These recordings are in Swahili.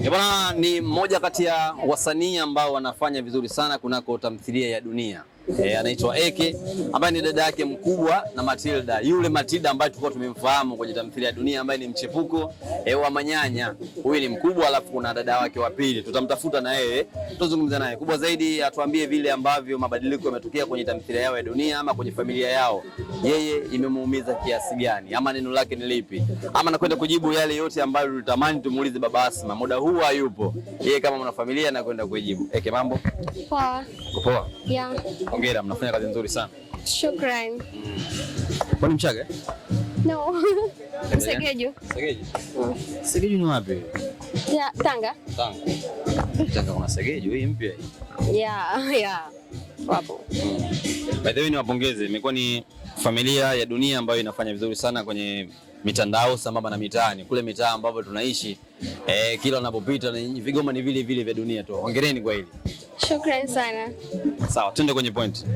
Eh, bwana ni mmoja kati ya wasanii ambao wanafanya vizuri sana kunako tamthilia ya dunia e, anaitwa Eke ambaye ni dada yake mkubwa na Matilda, yule Matilda ambaye tulikuwa tumemfahamu kwenye tamthilia ya Dunia, ambaye ni mchepuko e, wa Manyanya. Huyu ni mkubwa, alafu kuna dada wake wa pili, tutamtafuta na yeye tutazungumza naye. Kubwa zaidi atuambie vile ambavyo mabadiliko yametokea kwenye tamthilia yao ya Dunia ama kwenye familia yao, yeye imemuumiza kiasi gani, ama neno lake ni lipi, ama nakwenda kujibu yale yote ambayo tulitamani tumuulize baba Asma. Muda huu hayupo yeye, kama mwanafamilia anakwenda kujibu. Eke, mambo poa? Poa, yeah. Hongera, mnafanya kazi nzuri sana. Shukrani. Mm. Kwani Mchaga? No. Msegeju. Msegeju. Mm. Msegeju ni wapi? Ya, Tanga. Tanga. Mchaga kuna Segeju hii mpya hii. Ya, ya. Wapo. Mm. By the way, niwapongeze. Imekuwa ni familia ya dunia ambayo inafanya vizuri sana kwenye mitandao sambamba na mitaani kule mitaa ambapo tunaishi eh, kila unapopita vigoma ni vile vile vya dunia tu. Hongereni kwa hili. Shukrani sana. Sawa, tuende kwenye point.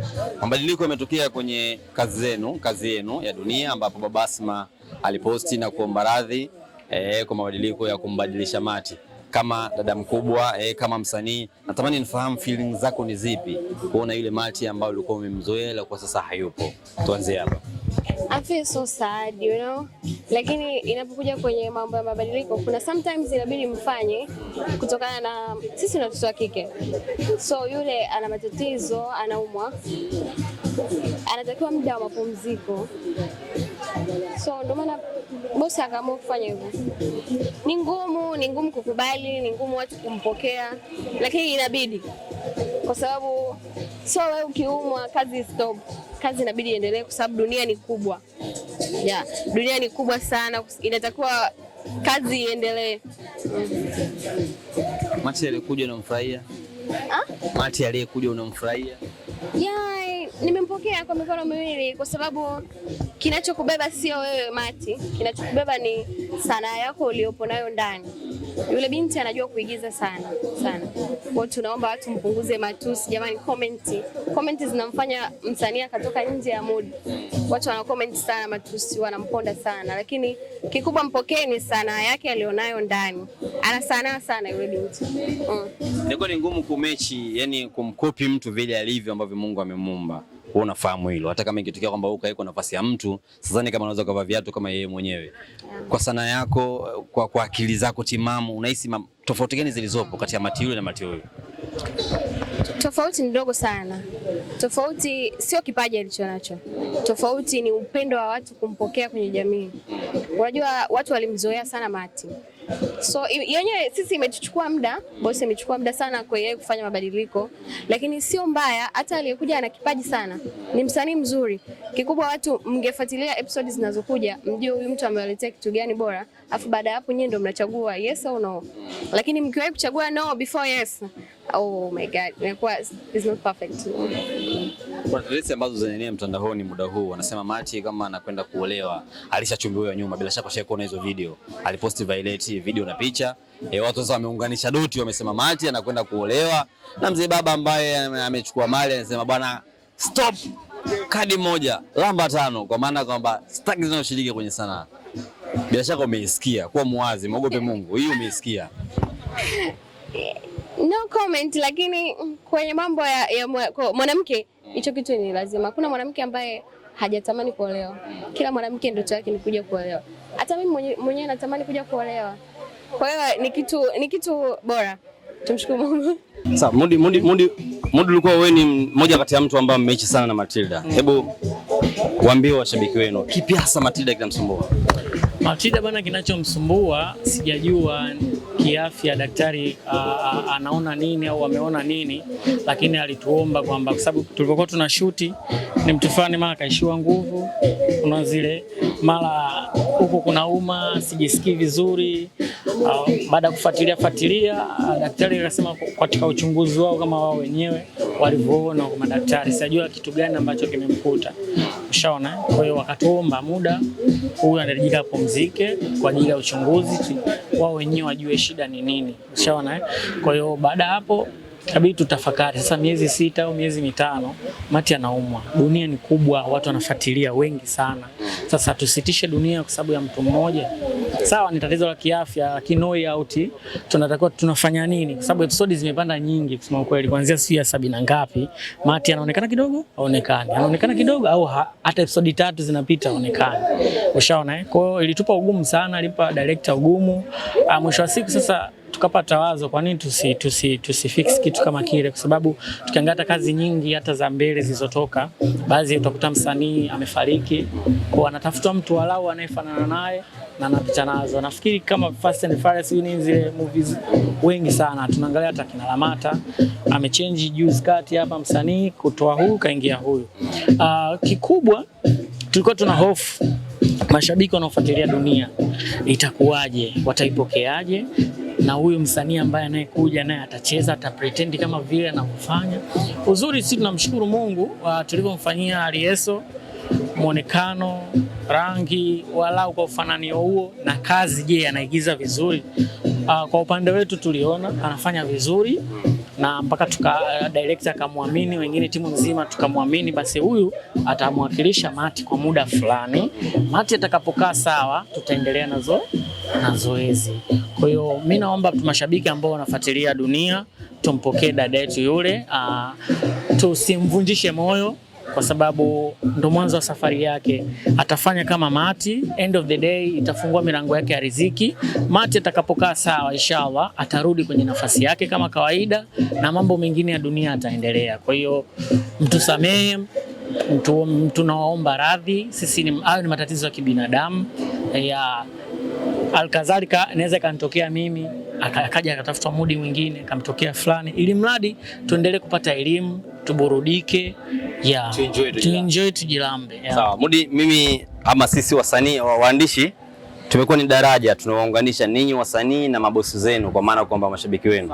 Mabadiliko yametokea kwenye kazi zenu, kazi yenu ya Dunia, ambapo Baba Asma aliposti na kuomba radhi eh, kwa mabadiliko ya kumbadilisha Mati kama dada mkubwa eh, kama msanii natamani nifahamu feeling zako ni zipi kuona yule Mati ambayo ulikuwa umemzoea kwa sasa hayupo. Tuanzie hapa. I feel so sad, you know? Lakini inapokuja kwenye mambo ya mabadiliko kuna sometimes inabidi mfanye kutokana na sisi na watoto wa kike. So yule ana matatizo, anaumwa, anatakiwa muda wa mapumziko. So ndio maana bosi akaamua kufanya hivyo. Ni ngumu, ni ngumu kukubali, ni ngumu watu kumpokea, lakini inabidi kwa sababu sio wewe ukiumwa kazi stop, kazi inabidi iendelee, kwa sababu dunia ni kubwa yeah. Dunia ni kubwa sana, inatakiwa kazi iendelee. Mati aliyekuja unamfurahia? Ah? Mati aliyekuja unamfurahia? Yeah, nimempokea kwa mikono miwili kwa sababu kinachokubeba sio wewe Mati, kinachokubeba ni sanaa yako uliopo nayo ndani. Yule binti anajua kuigiza sana sana. Kwa tunaomba watu mpunguze matusi jamani, comment comment zinamfanya msanii akatoka nje ya mood. Watu wana comment sana matusi, wanamponda sana, lakini kikubwa mpokeeni sanaa yake alionayo ndani. Ana sanaa sana yule binti. Mm. Ni ngumu kumechi, yani kumkopi mtu vile alivyo ambavyo Mungu amemumba wewe unafahamu hilo. Hata kama ingetokea kwamba wewe ukae nafasi ya mtu, sasa ni kama unaweza kuvaa viatu kama yeye mwenyewe. Kwa sanaa yako, kwa, kwa akili zako timamu, unahisi tofauti gani zilizopo kati ya Mati yule na Mati huyu? Tofauti ni ndogo sana. Tofauti sio kipaji alichonacho, tofauti ni upendo wa watu kumpokea kwenye jamii. Unajua watu walimzoea sana Mati So yenyewe sisi imetuchukua muda, bosi imechukua muda sana kwa yeye kufanya mabadiliko, lakini sio mbaya. Hata aliyekuja ana kipaji sana, ni msanii mzuri, Kikubwa watu mngefuatilia episode zinazokuja, mjue huyu mtu amewaletea kitu gani bora, afu baada ya hapo nyinyi ndio mnachagua yes au no. Lakini mkiwahi kuchagua no before yes, oh my god, inakuwa is not perfect. Kuna tetesi ambazo zinaenea mtandaoni muda huu, wanasema Mati kama anakwenda kuolewa alishachumbiwa nyuma. Bila shaka kuona hizo video, aliposti Violet video na picha E, watu sasa wameunganisha doti, wamesema Mati anakwenda kuolewa na mzee baba ambaye amechukua mali, anasema bwana stop kadi moja lamba tano, kwa maana kwamba sitaki zinazoshiriki kwenye sanaa. Bila shaka umeisikia, kuwa muwazi, mwogope Mungu. Hii umeisikia? No comment, lakini kwenye mambo ya, ya mwanamke hicho kitu ni lazima. Kuna mwanamke ambaye hajatamani kuolewa. Kila mwanamke ndoto yake ni kuja kuolewa. Hata mimi mwenyewe natamani kuja kuolewa. Kwa hiyo ni kitu ni kitu bora, tumshukuru Mungu. Sasa Mudi Mudi Mudi Mudu, ulikuwa wewe ni mmoja kati ya mtu ambaye mmeishi sana na Matilda. Mm. Hebu waambie washabiki wenu kipi hasa Matilda kinamsumbua? Matilda bana, kinachomsumbua sijajua kiafya daktari a, anaona nini au ameona nini, lakini alituomba kwamba kwa sababu tulipokuwa tuna shuti ni mtu fulani mara akaishiwa nguvu, kuna zile mara huko kuna uma sijisikii vizuri. baada ya kufuatilia fuatilia, daktari akasema katika uchunguzi wao kama wao wenyewe walivyoona kwa madaktari, sijajua kitu gani ambacho kimemkuta, ushaona. Kwa hiyo wakatuomba muda huyu anahitajika apumzike kwa ajili ya uchunguzi wao wenyewe wajue shida ni nini, ushaona eh? Kwa hiyo baada ya hapo Inabidi tutafakari sasa, miezi sita au miezi mitano, Mati anaumwa. Dunia ni kubwa, watu wanafuatilia wengi sana. Sasa tusitishe dunia kwa sababu ya mtu mmoja, sawa, ni tatizo la kiafya, lakini no out, tunatakiwa tunafanya nini? Kwa sababu episodi zimepanda nyingi, kusema kweli, kuanzia siku ya sabini na ngapi, Mati anaonekana kidogo, aonekane, anaonekana kidogo, au hata episode tatu zinapita, aonekane. Ushaona eh? Kwa hiyo ilitupa ugumu sana, alipa director ugumu. Ah, mwisho wa siku sasa tukapata wazo, kwa nini tusi, tusi, tusi fix kitu kama kile, kwa sababu tukiangata kazi nyingi hata za mbele zilizotoka, baadhi utakuta msanii amefariki, kwa anatafuta mtu walau anayefanana naye na anapita nazo. Nafikiri kama Fast and Furious ni zile movies wengi sana tunaangalia, hata kina Lamata amechange juice kati hapa, msanii kutoa huyu kaingia huyu. Uh, kikubwa tulikuwa tuna hofu mashabiki wanaofuatilia dunia itakuwaje, wataipokeaje? Na huyu msanii ambaye anayekuja naye atacheza, atapretendi kama vile anavyofanya uzuri. Sisi tunamshukuru Mungu uh, tulivyomfanyia Alieso mwonekano, rangi, walau kwa ufananio huo na kazi. Je, anaigiza vizuri? Uh, kwa upande wetu tuliona anafanya vizuri na mpaka tuka uh, director akamwamini, wengine timu nzima tukamwamini, basi huyu atamwakilisha Mati kwa muda fulani. Mati atakapokaa sawa, tutaendelea nazo na zoezi. Kwa hiyo mimi naomba mashabiki ambao wanafuatilia dunia tumpokee dada yetu yule, uh, tusimvunjishe moyo kwa sababu ndo mwanzo wa safari yake. Atafanya kama Mati, end of the day itafungua milango yake ya riziki. Mati atakapokaa sawa, inshallah atarudi kwenye nafasi yake kama kawaida, na mambo mengine ya dunia ataendelea. Kwa hiyo mtusamehe, mtu naomba radhi, sisi ni, hayo ni matatizo ya kibinadamu ya Alkadhalika inaweza ikanitokea mimi, akaja akatafuta mudi mwingine, kamtokea fulani, ili mradi tuendelee kupata elimu, tuburudike, yeah. enjoy, tujilambe. Yeah. Sawa, mudi mimi ama sisi wasanii wa waandishi tumekuwa ni daraja tunawaunganisha ninyi wasanii na mabosi zenu, kwa maana kwamba mashabiki wenu.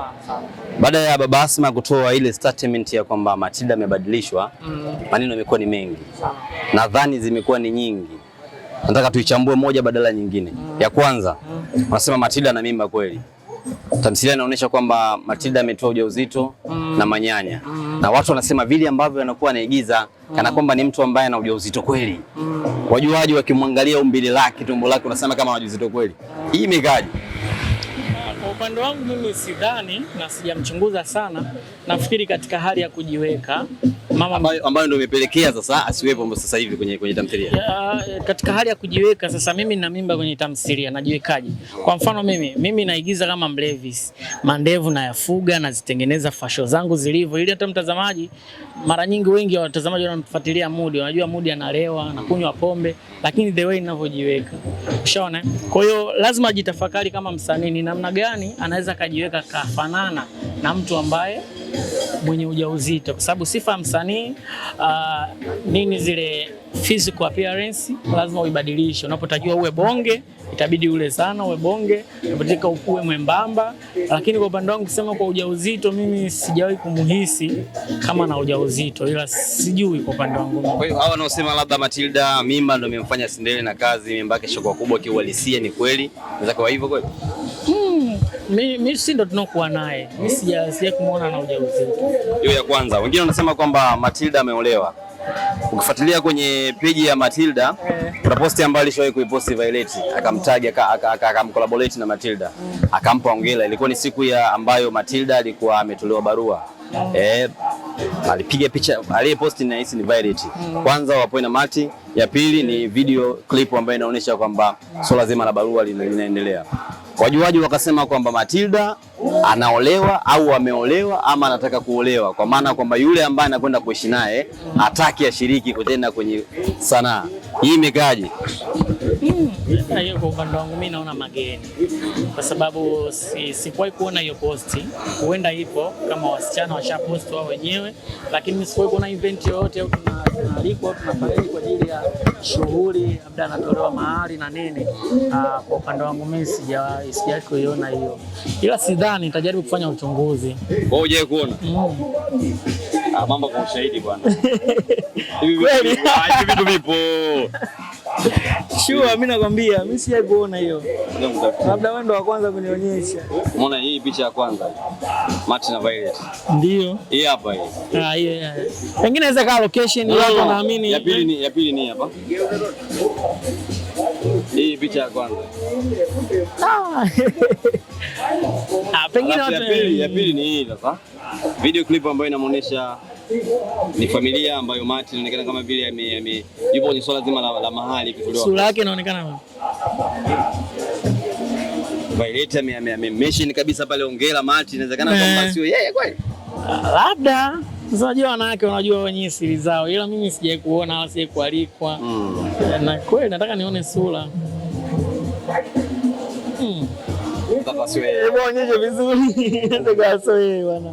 Baada ya Baba Asma kutoa ile statement ya kwamba Matilda amebadilishwa, mm. maneno yamekuwa ni mengi, nadhani zimekuwa ni nyingi nataka tuichambue moja badala nyingine. Ya kwanza unasema Matilda na mimba kweli. Tamthilia inaonyesha kwamba Matilda ametoa ujauzito na manyanya na watu wanasema vile ambavyo anakuwa anaigiza kana kwamba ni mtu ambaye ana ujauzito kweli wajuaji wakimwangalia umbile lake, tumbo lake, unasema kama ana ujauzito kweli. Hii imekaje? Kwa upande wangu mimi sidhani na sijamchunguza sana, nafikiri katika hali ya kujiweka mama ambayo, ambayo ndio imepelekea sasa asiwepo sasa hivi kwenye, kwenye tamthilia ya, katika hali ya kujiweka sasa. Mimi na mimba kwenye tamthilia najiwekaje? Kwa mfano mimi mimi naigiza kama mlevi, mandevu nayafuga, zitengeneza fasho zangu zilivyo, ili hata mtazamaji, mara nyingi wengi wa watazamaji wanamfuatilia Mudi, wanajua Mudi analewa na kunywa pombe, lakini the way ninavyojiweka, ushaona. Kwa hiyo lazima ajitafakari kama msanii ni namna gani anaweza kajiweka kafanana na mtu ambaye mwenye ujauzito, kwa sababu sifa ya msanii uh, nini zile physical appearance lazima uibadilishe. Unapotakiwa uwe bonge, itabidi ule sana uwe bonge, unapotaka ukuwe mwembamba. Lakini kwa upande wangu kusema kwa ujauzito, mimi sijawahi kumuhisi kama na ujauzito, ila sijui kwa upande wangu. Kwa hiyo hawa wanaosema labda Matilda mimba ndio imemfanya sindele na kazi mimba yake shoko kubwa, kiuhalisia ni kweli, inaweza hivyo kweli? Mi, mi si ndo tunaokuwa naye, mi sija kumwona na ujauzito. Hiyo ya kwanza. Wengine wanasema kwamba Matilda ameolewa. Ukifuatilia kwenye peji ya Matilda eh. kuna posti ambayo alishawahi kuiposti Violet, akamtaga akamcollaborate na Matilda, mm, akampa ongela. Ilikuwa ni siku ya ambayo Matilda alikuwa ametolewa barua mm. eh, alipiga picha, aliyeposti nahisi ni Violet. mm, Kwanza wapo na Mati, ya pili ni video clip ambayo inaonyesha kwamba swala zima la barua linaendelea. Wajuaji wakasema kwamba Matilda anaolewa au ameolewa ama anataka kuolewa, kwa maana kwamba yule ambaye anakwenda kuishi naye hataki ashiriki kutenda kwenye sanaa hii. Imekaje? Hiyo kwa upande wangu mimi naona mageni, kwa sababu si, kuona hiyo posti. Huenda ipo kama wasichana washaposti wao wenyewe, lakini mimi sikuwahi kuona event yoyote au tunaalikwa tunafaidi kwa ajili ya shughuli labda anatolewa mahali na nini. Ah, kwa upande wangu mimi sijawahi sijawahi kuiona hiyo, ila sidhani, nitajaribu kufanya uchunguzi. Wewe hujawahi kuona? Mm. Ah, mambo kwa ushahidi bwana. Hivi vitu vipo. Sure, mimi nakwambia, mimi sijai kuona hiyo. Labda wewe ndo wa kwanza kunionyesha. Umeona hii picha ya kwanza? Martin na Violet. Ndio. Hii hapa hii. Ah, hiyo yeah. Pengine inaweza kaa location hiyo yako naamini. Ya pili ni ya pili ni hapa. Hii picha ya kwanza. Ah. Ah, pengine watu ya pili, ya pili ni hii sasa. Video clip ambayo inamuonesha ni familia ambayo Martin inaonekana kama vile yupo kwenye swala zima la, la mahali kutolewa. Sura yake inaonekana Violeta amemeshini kabisa pale. Ongera Martin, inawezekana kwamba eh. sio yeye kweli. Labda unajua wanawake wanajua wenyewe siri zao, ila mimi sijai kuona wala sijai kualikwa mm. Na kweli nataka nione sura mm. Onyeshe vizuri bwana.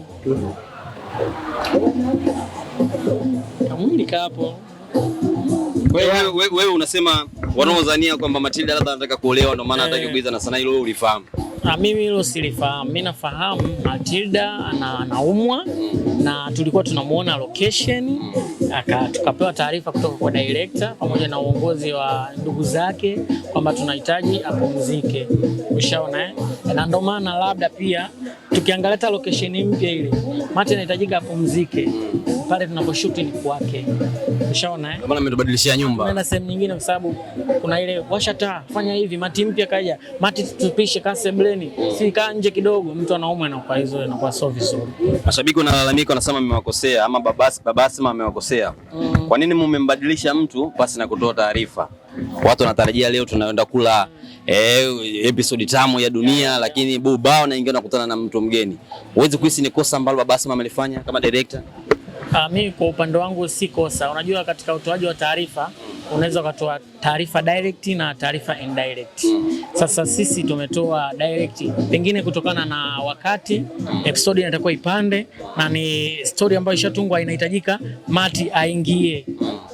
Wewe unasema wanaozania kwamba Matilda labda anataka kuolewa ndio maana hataki eh. kuiza na sana, hilo ulifahamu? na ah, mimi hilo silifahamu. Mimi nafahamu Matilda anaumwa na tulikuwa tunamuona location aka, tukapewa taarifa kutoka kwa director pamoja na uongozi wa ndugu zake kwamba tunahitaji apumzike. Ushaona eh? Na ndio maana labda pia tukiangalia location mpya ile mati anahitajika apumzike pale tunaposhuti ni kwake. Ushaona eh? Maana umetubadilishia nyumba. na sehemu nyingine kwa sababu kuna ile washa taa, fanya hivi, mati mpya kaja, mati tupishe kasebleni. Si kaa nje kidogo, mtu anaumwa na kwa hizo na kwa sio vizuri. Mashabiki wanalalamika wanasema mmewakosea ama babasi babasi amewakosea. Mm. Kwa nini mmembadilisha mtu pasi na kutoa taarifa? Watu wanatarajia leo tunaenda kula eh, episode tamu ya dunia, lakini bubao naingia nakutana na mtu mgeni. Huwezi kuhisi ni kosa ambalo babasi amelifanya kama director? Ah, mimi kwa upande wangu si kosa. Unajua, katika utoaji wa taarifa unaweza ukatoa taarifa direct na taarifa indirect. Sasa sisi tumetoa direct, pengine kutokana na wakati, episode inatakuwa ipande na ni story ambayo ishatungwa, inahitajika Mati aingie.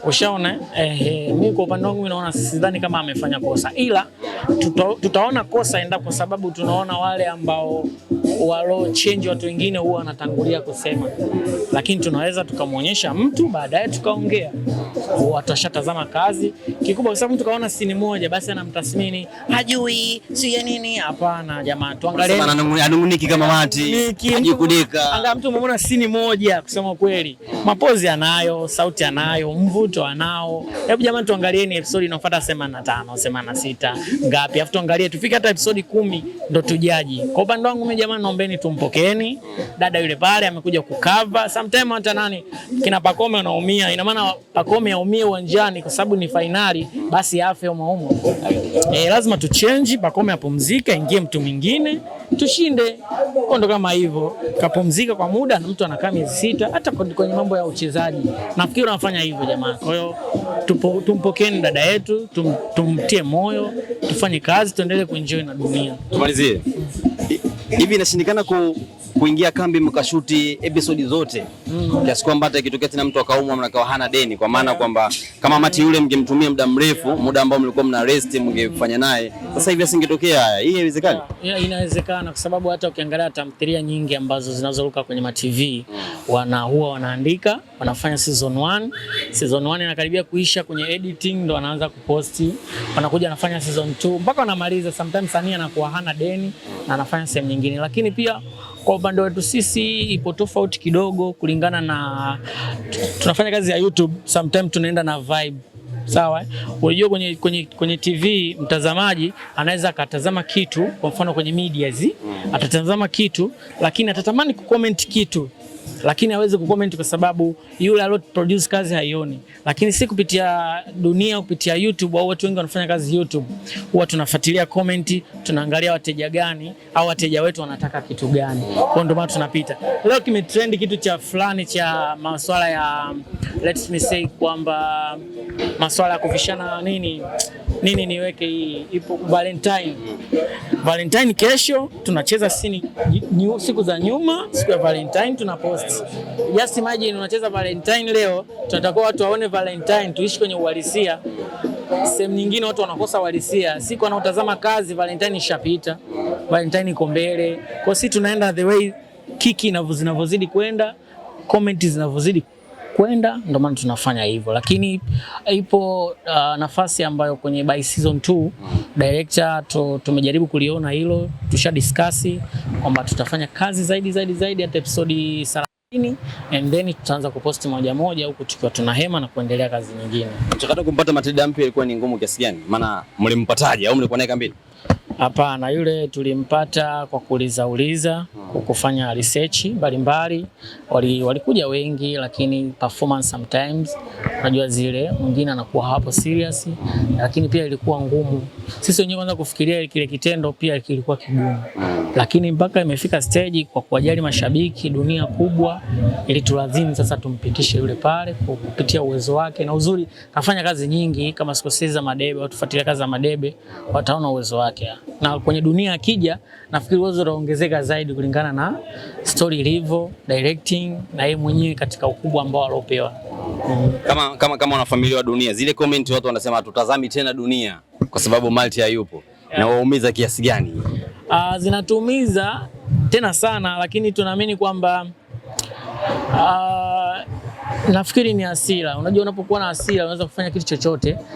Ushaona? Eh, mimi kwa upande wangu naona sidhani kama amefanya kosa, ila tuta, tutaona kosa enda kwa sababu tunaona wale ambao walo change watu wengine huwa wanatangulia kusema, lakini tunaweza tukamwonyesha mtu baadaye tukaongea watashatazama kazi kikubwa, kwa sababu mtu kaona sini moja basi anamtathmini hajui si ya nini. Hapana jamaa, tuangalie sana, anunguniki kama mati ajikudika. Anga mtu umeona sini moja, kusema kweli, mapozi anayo, sauti anayo, mvuto anao. Hebu jamaa, tuangalie ni episode inofuata 85, 86 ngapi, afu tuangalie tufike hata episode kumi ndo tujaji. Kwa upande wangu mimi jamaa, naombeni tumpokeni dada yule pale, amekuja kukava sometime hata nani kina Pakome anaumia, ina maana Pakome aumie uwanjani kwa sababu ni fainali, basi afe umo E, lazima tuchenji, Pacome apumzike, ingie mtu mwingine tushinde. Ndo kama hivyo, kapumzika kwa muda na mtu anakaa miezi sita, hata kwenye mambo ya uchezaji nafikiri wanafanya hivyo jamaa. Kwa hiyo tumpokeeni dada yetu, tum, tumtie moyo, tufanye kazi, tuendelee kuenjoy na dunia. Tumalizie hivi, inashindikana ku kuingia kambi mkashuti episodi zote mm. kiasi kwamba hata ikitokea tena mtu akaumwa mnakawa hana deni, kwa maana kwamba kama Mati yule mngemtumia muda mrefu, muda ambao mlikuwa mna rest mngefanya naye, sasa hivi asingetokea haya. Hii haiwezekani. Yeah, inawezekana kwa sababu hata ukiangalia tamthilia nyingi ambazo zinazoruka kwenye matv mm. wana huwa wanaandika wanafanya season 1 season 1 inakaribia kuisha, kwenye editing ndo wanaanza kuposti, wanakuja wanafanya season 2 mpaka wanamaliza. Sometimes sanii anakuwa hana deni na anafanya sehemu nyingine, lakini pia kwa upande wetu sisi ipo tofauti kidogo, kulingana na tunafanya kazi ya YouTube, sometimes tunaenda na vibe Sawa, eh? unajua kwenye, kwenye, kwenye TV mtazamaji anaweza akatazama kitu, kwa mfano kwenye zi atatazama kitu, lakini atatamani kucomment kitu lakini hawezi comment kwa sababu yule alio produce kazi haioni. Lakini si kupitia dunia, kupitia YouTube au watu wengi wanafanya kazi YouTube, huwa tunafuatilia comment, tunaangalia wateja gani au wateja wetu wanataka kitu gani, kwa ndio maana tunapita. Leo kimetrend kitu cha fulani cha masuala ya let me say kwamba masuala ya kuvishana nini nini niweke hii ipo Valentine. Valentine kesho tunacheza sini, nyu, siku za nyuma siku ya Valentine tuna post. Just imagine unacheza Valentine leo, tunataka watu waone Valentine, tuishi kwenye uhalisia. Sehemu nyingine watu wanakosa uhalisia, siku wanaotazama kazi Valentine ishapita, Valentine iko mbele. Kwa sisi tunaenda the way kiki zinavyozidi kwenda, comment zinavyozidi kwenda, ndio maana tunafanya hivyo, lakini ipo uh, nafasi ambayo kwenye by season 2 director tumejaribu kuliona hilo, tusha discuss kwamba tutafanya kazi zaidi zaidi zaidi hata episode 30 and then tutaanza kuposti moja moja huku tukiwa tuna hema na kuendelea kazi nyingine. Mchakato kumpata Matilda mpya ilikuwa ni ngumu kiasi gani? Maana mlimpataje au mlikuwa naye kambini? Hapana, yule tulimpata kwa kuulizauliza, kufanya research mbalimbali. Walikuja wali wengi, lakini performance sometimes, unajua zile mwingine anakuwa hapo serious, lakini pia ilikuwa ngumu. Sisi wenyewe kwanza kufikiria kile kitendo pia kilikuwa kigumu, lakini mpaka imefika stage, kwa kuwajali mashabiki, dunia kubwa ilitulazimu sasa tumpitishe yule pale kupitia uwezo wake, na uzuri kafanya kazi nyingi. Kama sikosea za Madebe, watufuatilia kazi za Madebe wataona uwezo wake na kwenye dunia akija, nafikiri uwezo utaongezeka zaidi kulingana na story ilivyo, directing na yeye mwenyewe katika ukubwa ambao aliopewa. Mm. Kama, kama, kama wanafamilia wa dunia, zile comment watu wanasema hatutazami tena dunia kwa sababu Malti hayupo yeah. Na waumiza kiasi gani? Uh, zinatuumiza tena sana, lakini tunaamini kwamba uh, nafikiri ni hasira. Unajua, unapokuwa na hasira unaweza kufanya kitu chochote.